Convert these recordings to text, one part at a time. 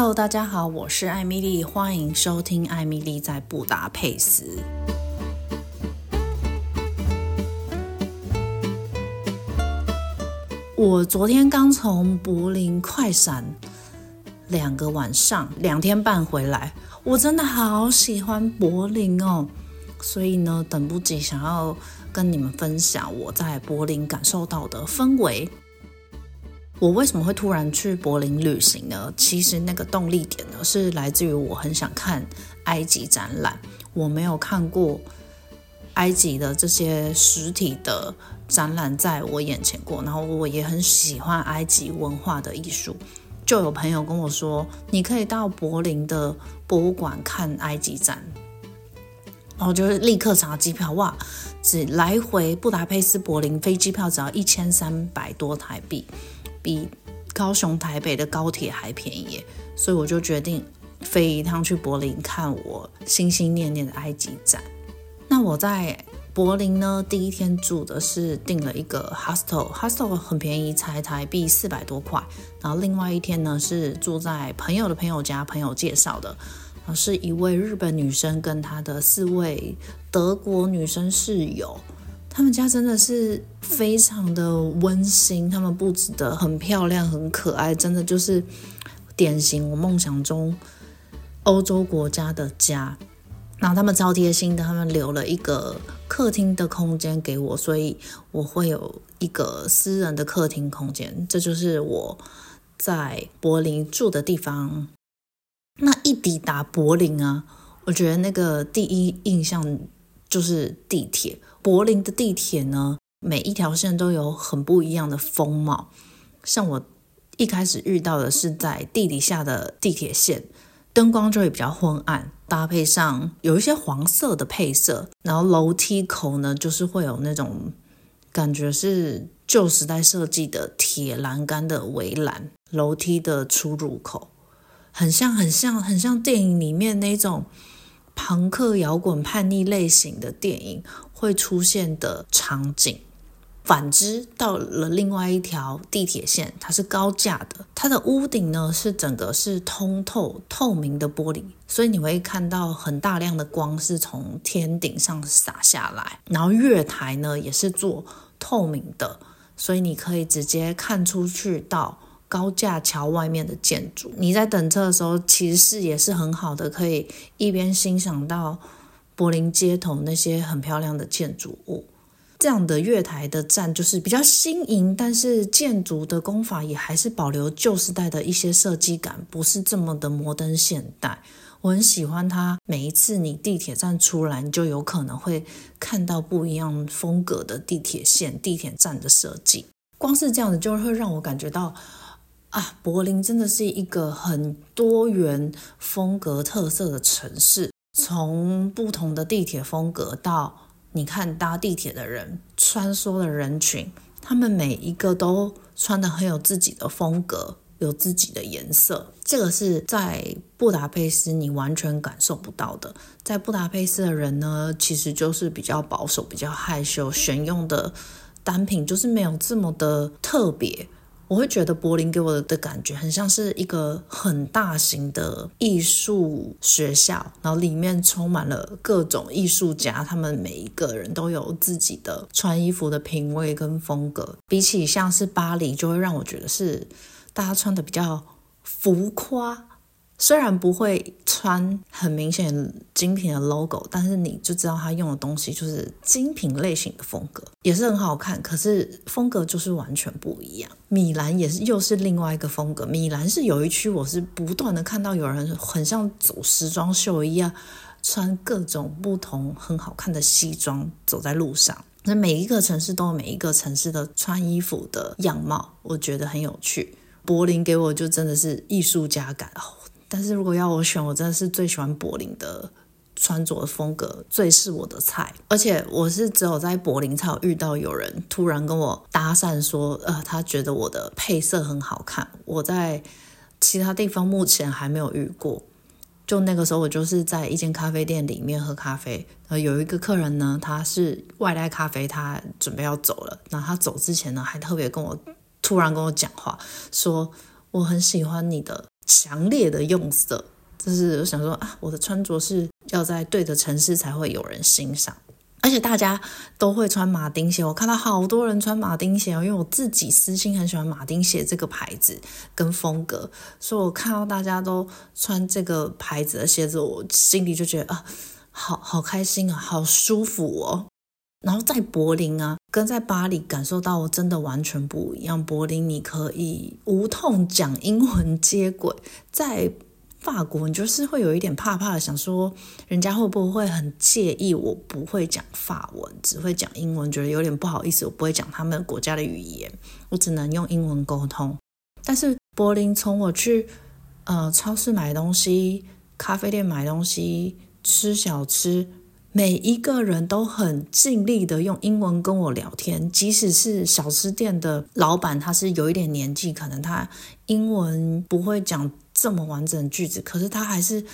Hello，大家好，我是艾米麗，歡迎收聽《艾米麗在布達佩斯》。我昨天剛從柏林快閃兩個晚上，兩天半回來，我真的好喜歡柏林哦！所以呢，等不及想要跟你們分享我在柏林感受到的氛圍。我為什麼會突然去柏林旅行呢？其實那個動力點呢，是來自於我很想看埃及展覽，我沒有看過埃及的這些實體的展覽在我眼前過，然後我也很喜歡埃及文化的藝術，就有朋友跟我說，你可以到柏林的博物館看埃及展，然後就是立刻查機票哇，只來回布達佩斯柏林飛機票只要一千三百多台幣。比高雄、台北的高鐵還便宜，所以我就決定飛一趟去柏林看我心心念念的埃及展。那我在柏林呢，第一天住的是訂了一個 hostel，hostel 很便宜，才台幣四百多塊。然後另外一天呢，是住在朋友的朋友家，朋友介紹的，啊，是一位日本女生跟她的四位德國女生室友。他們家真的是非常的溫馨，他們布置得很漂亮，很可愛，真的就是典型我夢想中歐洲國家的家。然後他們超貼心的，他們留了一個客廳的空間給我，所以我會有一個私人的客廳空間。這就是我在柏林住的地方。那一抵達柏林啊，我覺得那個第一印象。就是地鐵，柏林的地鐵呢，每一條線都有很不一樣的風貌。像我一開始遇到的是在地底下的地鐵線，燈光就會比較昏暗，搭配上有一些黃色的配色。然後樓梯口呢，就是會有那種感覺是舊時代設計的鐵欄杆的圍欄，樓梯的出入口，很像很像很像電影裡面那種。龐克搖滾叛逆類型的電影會出現的場景。反之，到了另外一條地鐵線，它是高架的，它的屋頂呢，是整個是通透透明的玻璃，所以你會看到很大量的光是從天頂上灑下來，然後月台呢，也是做透明的，所以你可以直接看出去到。高架橋外面的建築，你在等車的時候，其實是也是很好的，可以一邊欣賞到柏林街頭那些很漂亮的建築物。這樣的月台的站就是比較新穎，但是建築的工法也還是保留舊時代的一些設計感，不是這麼的摩登現代。我很喜歡它，每一次你地鐵站出來，你就有可能會看到不一樣風格的地鐵線、地鐵站的設計。光是這樣子，就會讓我感覺到。啊，柏林真的是一個很多元風格特色的城市。從不同的地鐵風格到你看搭地鐵的人穿梭的人群，他們每一個都穿得很有自己的風格，有自己的顏色。這個是在布達佩斯你完全感受不到的。在布達佩斯的人呢，其實就是比較保守、比較害羞，選用的單品就是沒有這麼的特別。我會覺得柏林給我的感覺很像是一個很大型的藝術學校，然後裡面充滿了各種藝術家，他們每一個人都有自己的穿衣服的品味跟風格。比起像是巴黎，就會讓我覺得是大家穿得比較浮誇。雖然不會穿很明顯的精品的 logo，但是你就知道他用的東西就是精品類型的風格，也是很好看。可是風格就是完全不一樣。米蘭也是，又是另外一個風格。米蘭是有一區，我是不斷的看到有人很像走時裝秀一樣，穿各種不同很好看的西裝走在路上。那每一個城市都有每一個城市的穿衣服的樣貌，我覺得很有趣。柏林給我就真的是藝術家感哦。但是如果要我選，我真的是最喜歡柏林的穿着風格，最是我的菜。而且我是只有在柏林才有遇到有人突然跟我搭訕說，呃，他覺得我的配色很好看。我在其他地方目前還沒有遇過。就那個時候，我就是在一間咖啡店裡面喝咖啡，然後有一個客人呢，他是外帶咖啡，他準備要走了。那他走之前呢，還特別跟我，突然跟我講話，說我很喜歡你的。強烈的用色，就是我想說啊，我的穿着是要在對的城市才會有人欣賞，而且大家都會穿馬丁鞋。我看到好多人穿馬丁鞋喔，因為我自己私心很喜歡馬丁鞋這個牌子跟風格，所以我看到大家都穿這個牌子的鞋子，我心裡就覺得啊，好好開心啊，好舒服哦，喔。然後在柏林啊，跟在巴黎感受到真的完全不一樣。柏林你可以無痛講英文接軌，在法國你就是會有一點怕怕的，想說人家會不會很介意我不會講法文，只會講英文，覺得有點不好意思，我不會講他們國家的語言，我只能用英文溝通。但是柏林，從我去呃超市買東西、咖啡店買東西、吃小吃。每一個人都很盡力的用英文跟我聊天，即使是小吃店的老闆，他是有一點年紀，可能他英文不會講這麼完整的句子，可是他還是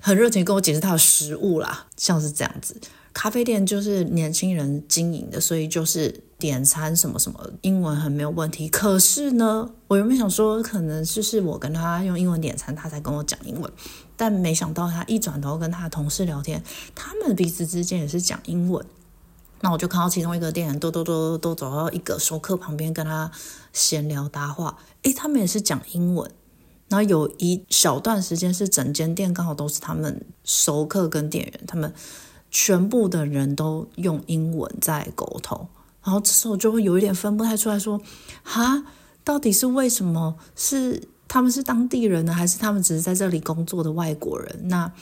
很熱情跟我解釋他的食物啦，像是這樣子。咖啡店就是年輕人經營的，所以就是點餐什麼什麼，英文很沒有問題。可是呢，我原本想說，可能就是我跟他用英文點餐，他才跟我講英文。但沒想到他一轉頭跟他的同事聊天，他們彼此之間也是講英文。那我就看到其中一個店員，都都都都走到一個熟客旁邊跟他閒聊搭話，誒，他們也是講英文。然後有一小段時間是整間店剛好都是他們熟客跟店員，他們。全部的人都用英文在溝通，然後這時候就會有一點分不太出來，說，啊，到底是為什麼是他們是當地人呢，還是他們只是在這裡工作的外國人？那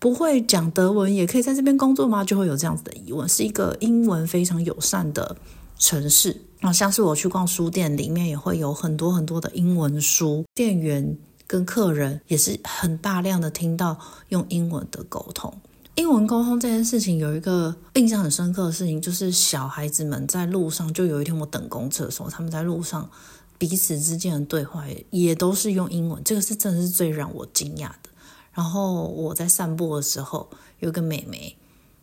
不會講德文也可以在這邊工作嗎？就會有這樣子的疑問。是一個英文非常友善的城市，然後像是我去逛書店，裡面也會有很多很多的英文書，店員跟客人也是很大量的聽到用英文的溝通。英文溝通這件事情有一個印象很深刻的事情，就是小孩子們在路上，就有一天我等公車的時候，他們在路上彼此之間的對話也也都是用英文，這個是真的是最讓我驚訝的。然後我在散步的時候，有個妹妹，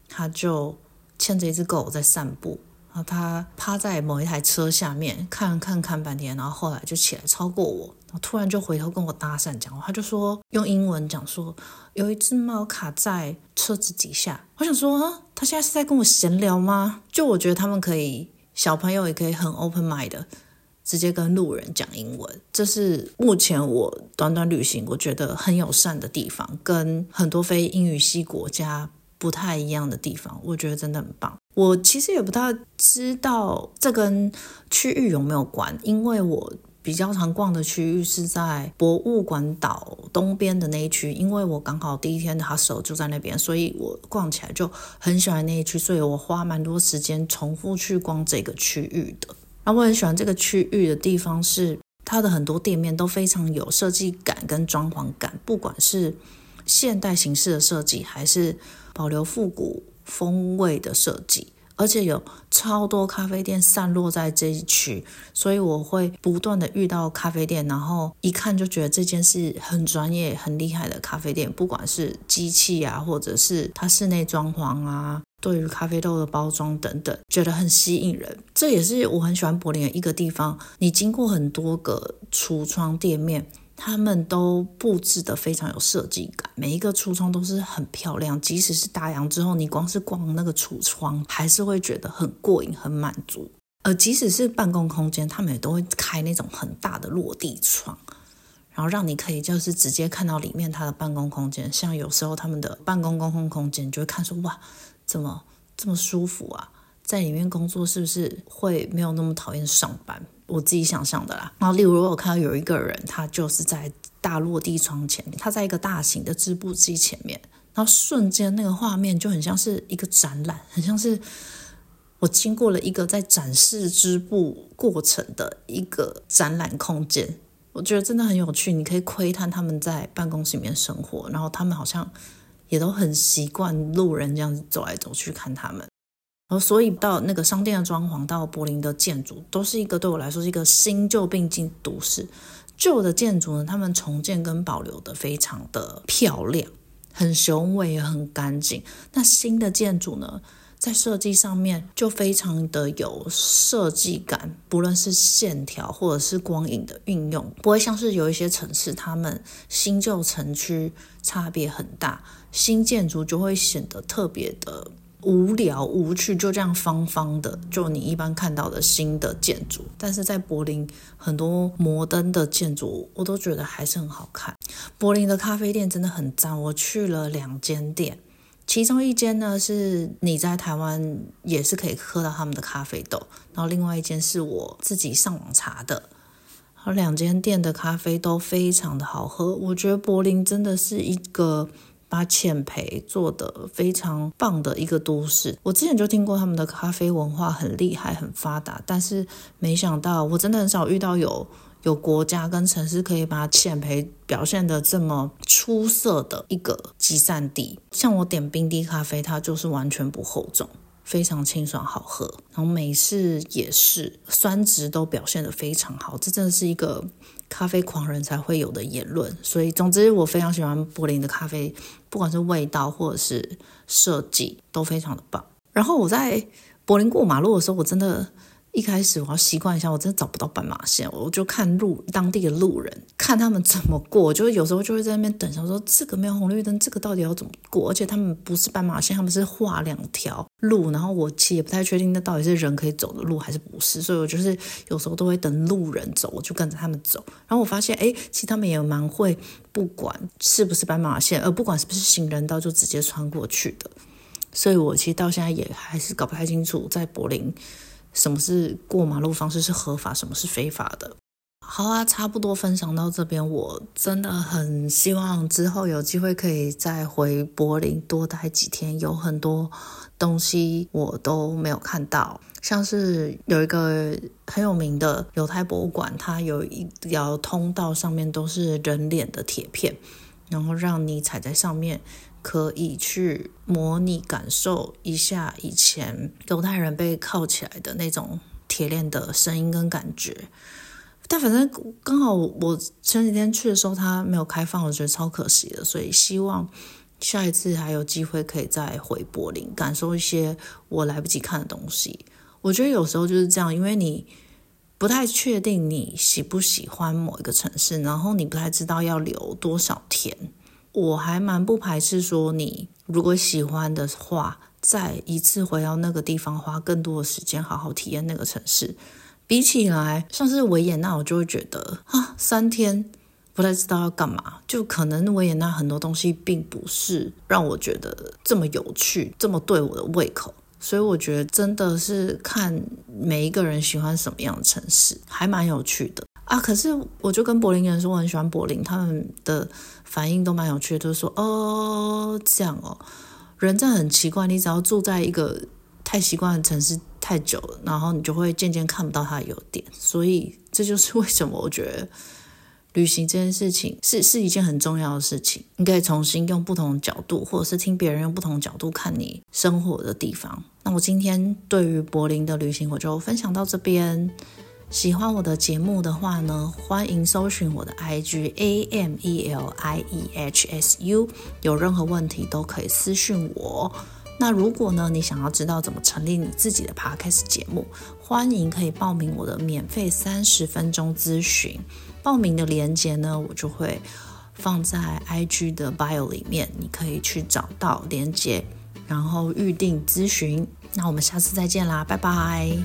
她就牽着一隻狗在散步，然後她趴在某一台車下面看，看，看看半天，然後後來就起來超過我。我突然就回頭跟我搭訕講話，他就說用英文講說有一只貓卡在車子底下。我想說，他現在是在跟我閒聊嗎？就我覺得他們可以，小朋友也可以很 open mind 的，直接跟路人講英文。這是目前我短短旅行我覺得很友善的地方，跟很多非英語系國家不太一樣的地方，我覺得真的很棒。我其實也不太知道這跟區域有沒有關，因為我。比較常逛的區域是在博物館島東邊的那一區，因為我剛好第一天的 hustle 就在那邊，所以我逛起來就很喜歡那一區，所以我花蠻多時間重複去逛這個區域的。那我很喜歡這個區域的地方是，它的很多店面都非常有設計感跟裝潢感，不管是現代形式的設計，還是保留復古風味的設計。而且有超多咖啡店散落在這一區，所以我會不斷的遇到咖啡店，然後一看就覺得這間是很專業、很厲害的咖啡店，不管是機器啊，或者是它室內裝潢啊，對於咖啡豆的包裝等等，覺得很吸引人。這也是我很喜歡柏林的一個地方。你經過很多個櫥窗店面。他們都布置得非常有設計感，每一個櫥窗都是很漂亮。即使是打烊之後，你光是逛那個櫥窗，還是會覺得很過癮、很滿足。呃，即使是辦公空間，他們也都會開那種很大的落地窗，然後讓你可以就是直接看到裡面它的辦公空間。像有時候他們的辦公公共空間，你就會看說哇，怎麼這麼舒服啊？在裡面工作是不是會沒有那麼討厭上班？我自己想象的啦。然後，例如我看到有一個人，他就是在大落地窗前面，他在一個大型的織布機前面，然後瞬間那個畫面就很像是一個展覽，很像是我經過了一個在展示織布過程的一個展覽空間。我覺得真的很有趣，你可以窺探他們在辦公室裡面生活，然後他們好像也都很習慣路人這樣子走來走去看他們。然後、哦，所以到那個商店的裝潢，到柏林的建築，都是一個對我來說是一個新舊並進都市。舊的建築呢，他們重建跟保留得非常的漂亮，很雄偉，也很乾淨。那新的建築呢，在設計上面就非常的有設計感，不論是線條或者是光影的運用，不會像是有一些城市，他們新舊城區差別很大，新建築就會顯得特別的。無聊無趣，就這樣方方的，就你一般看到的新的建築。但是在柏林，很多摩登的建築，我都覺得還是很好看。柏林的咖啡店真的很讚，我去了兩間店，其中一間呢，是你在台灣也是可以喝到他們的咖啡豆，然後另外一間是我自己上網查的，而兩間店的咖啡都非常的好喝。我覺得柏林真的是一個。把淺焙做得非常棒的一個都市，我之前就聽過他們的咖啡文化很厲害、很發達，但是沒想到我真的很少遇到有有國家跟城市可以把淺焙表現得這麼出色的一個集散地。像我點冰滴咖啡，它就是完全不厚重，非常清爽好喝。然後美式也是酸值都表現得非常好，這真的是一個。咖啡狂人才會有的言論，所以總之我非常喜歡柏林的咖啡，不管是味道或者是設計都非常的棒。然後我在柏林過馬路的時候，我真的。一開始我要習慣一下，我真的找不到斑馬線，我就看路當地的路人，看他們怎麼過。就有時候就會在那邊等，想說這個沒有紅綠燈，這個到底要怎麼過？而且他們不是斑馬線，他們是畫兩條路，然後我其實也不太確定那到底是人可以走的路還是不是。所以我就是有時候都會等路人走，我就跟着他們走。然後我發現，哎、欸，其實他們也蠻會，不管是不是斑馬線，呃，不管是不是行人道，就直接穿過去的。所以我其實到現在也還是搞不太清楚，在柏林什麼是過馬路方式是合法，什麼是非法的？好啊，差不多分享到這邊。我真的很希望之後有機會可以再回柏林多待幾天，有很多東西我都沒有看到，像是有一個很有名的猶太博物館，它有一條通道上面都是人臉的鐵片，然後讓你踩在上面。可以去模擬感受一下以前猶太人被銬起來的那種鐵鏈的聲音跟感覺，但反正剛好我前幾天去的時候它沒有開放，我覺得超可惜的，所以希望下一次還有機會可以再回柏林感受一些我來不及看的東西。我覺得有時候就是這樣，因為你不太確定你喜不喜歡某一個城市，然後你不太知道要留多少天。我還蠻不排斥說，你如果喜歡的話，再一次回到那個地方，花更多的時間，好好體驗那個城市。比起來，像是維也納，我就會覺得啊，三天不太知道要幹嘛，就可能維也納很多東西並不是讓我覺得這麼有趣，這麼對我的胃口。所以我覺得真的是看每一個人喜歡什麼樣的城市，還蠻有趣的。啊！可是我就跟柏林人說我很喜歡柏林，他們的反應都蠻有趣的，就是說哦，這樣哦，人真很奇怪，你只要住在一個太習慣的城市太久了，然後你就會漸漸看不到它的優點。所以這就是為什麼我覺得旅行這件事情是是一件很重要的事情，你可以重新用不同角度，或者是聽別人用不同角度看你生活的地方。那我今天對於柏林的旅行，我就分享到這邊。喜歡我的節目的話呢，歡迎搜尋我的 IG A M E L I E H S U，有任何問題都可以私訊我。那如果呢，你想要知道怎麼成立你自己的 podcast 節目，歡迎可以報名我的免費三十分鐘諮詢。報名的鏈接呢，我就會放在 IG 的 bio 裡面，你可以去找到鏈接，然後預定諮詢。那我們下次再見啦，拜拜。